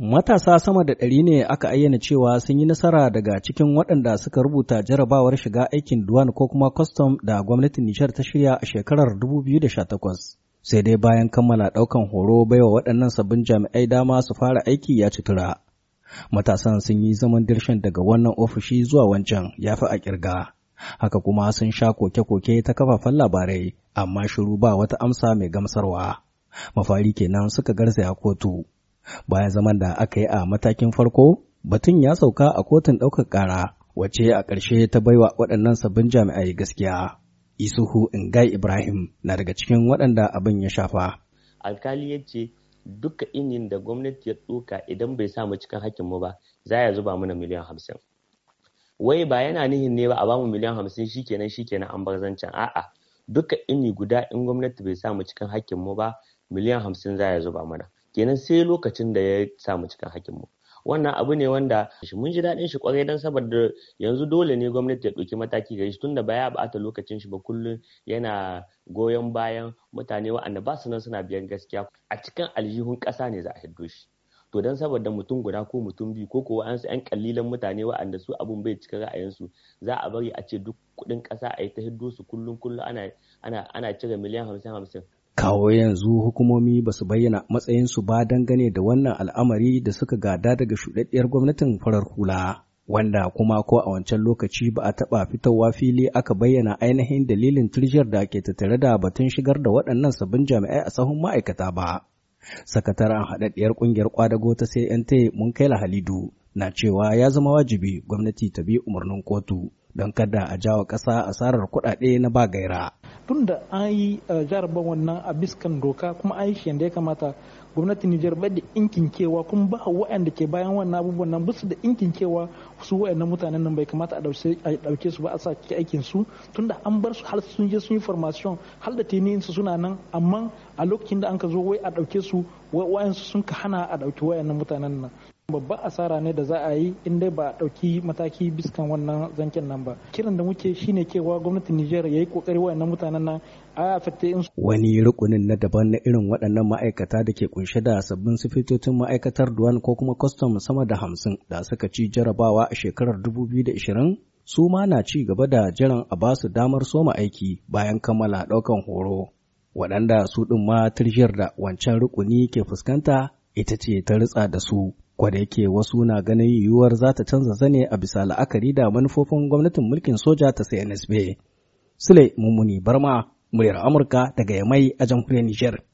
Matasa sama da ɗari ne aka ayyana cewa sun yi nasara daga cikin waɗanda suka rubuta jarabawar shiga aikin duwan ko kuma kwastam da gwamnatin Nishar ta shirya a shekarar 2018. Sai dai bayan kammala ɗaukan horo baiwa waɗannan sabbin jami'ai dama su fara aiki ya ci tura. Matasan sun yi zaman dirshin daga wannan ofishi zuwa wancan ya fi a ƙirga. Haka kuma sun sha koke-koke ta kafafen labarai, amma shiru ba wata amsa mai gamsarwa. Mafari kenan suka garzaya kotu. bayan zaman da aka yi a matakin farko batun ya sauka a kotun ɗaukar ƙara wace a ƙarshe ta baiwa waɗannan sabbin jami'ai gaskiya isuhu ingai ibrahim na daga cikin waɗanda abin ya shafa alkali ya ce duka inin da gwamnati ya ɗoka idan bai samu cikin mu ba za ya zuba mana miliyan hamsin wai ba yana nihin ne ba a bamu miliyan hamsin shikenan shikenan an bar zancen a'a duka ini guda in gwamnati bai samu cikin mu ba miliyan hamsin za ya zuba mana kenan sai lokacin da ya samu cikin hakinmu wannan abu ne wanda mun ji daɗin shi kwarai don saboda yanzu dole ne gwamnati ya ɗauki mataki gare shi tunda baya bata lokacin shi ba kullum yana goyon bayan mutane wa'anda ba su nan suna biyan gaskiya a cikin aljihun ƙasa ne za a hiddo shi to don saboda mutum guda ko mutum biyu ko kuwa an yan kallilan mutane wa'anda su abun bai cika ra'ayinsu za a bari a ce duk kuɗin ƙasa a yi ta hiddo su kullum kullum ana ana ana cire miliyan hamsin hamsin Kawo yanzu hukumomi ba su bayyana matsayinsu ba dangane da wannan al'amari da suka gada daga shuɗaɗɗiyar gwamnatin farar hula. Wanda kuma ko a wancan lokaci ba a taɓa fitowa fili aka bayyana ainihin dalilin turjiyar da ke tattare da batun shigar da waɗannan sabbin jami'ai a sahun ma'aikata ba. Sakataren haɗaɗɗiyar ƙungiyar ƙwadago ta mun kai Halidu na cewa ya zama wajibi gwamnati ta bi umarnin kotu don kada a jawa ƙasa asarar kuɗaɗe na ba gaira. tun da an yi uh, jarabar wannan a biskan doka kuma an yi shi yadda ya kamata gwamnatin Nijar bai da inkin kewa kuma ba waɗanda ke bayan wannan abubuwan nan basu da inkin kewa su waɗannan mutanen nan bai kamata a ɗauke su ba a sa aikin su tunda an bar su har sun je sun yi formation har da tenin su suna nan amma a lokacin da an ka zo wai a dauke su waɗansu sun ka hana a ɗauki waɗannan mutanen nan babban asara ne da za a yi in dai ba a ɗauki mataki biskan wannan zancen nan ba kiran da muke shine cewa gwamnatin Nijar ya yi kokari wayannan mutanen nan a in wani rukunin na daban na irin waɗannan ma'aikata da ke kunshe da sabbin sifitocin ma'aikatar duwan ko kuma kwastam sama da hamsin da suka ci jarabawa a shekarar 2020 su ma na ci gaba da jiran a ba su damar soma aiki bayan kammala ɗaukan horo waɗanda su ɗin ma tirjiyar da wancan rukuni ke fuskanta ita ce ta ritsa da su Kwada yake wasu na ganin yiwuwar za ta canza zane a bisa la'akari da manufofin gwamnatin mulkin soja ta CNSB. Sule Mummuni Barma, muryar Amurka daga Yamai a jamhuriyar Nijar.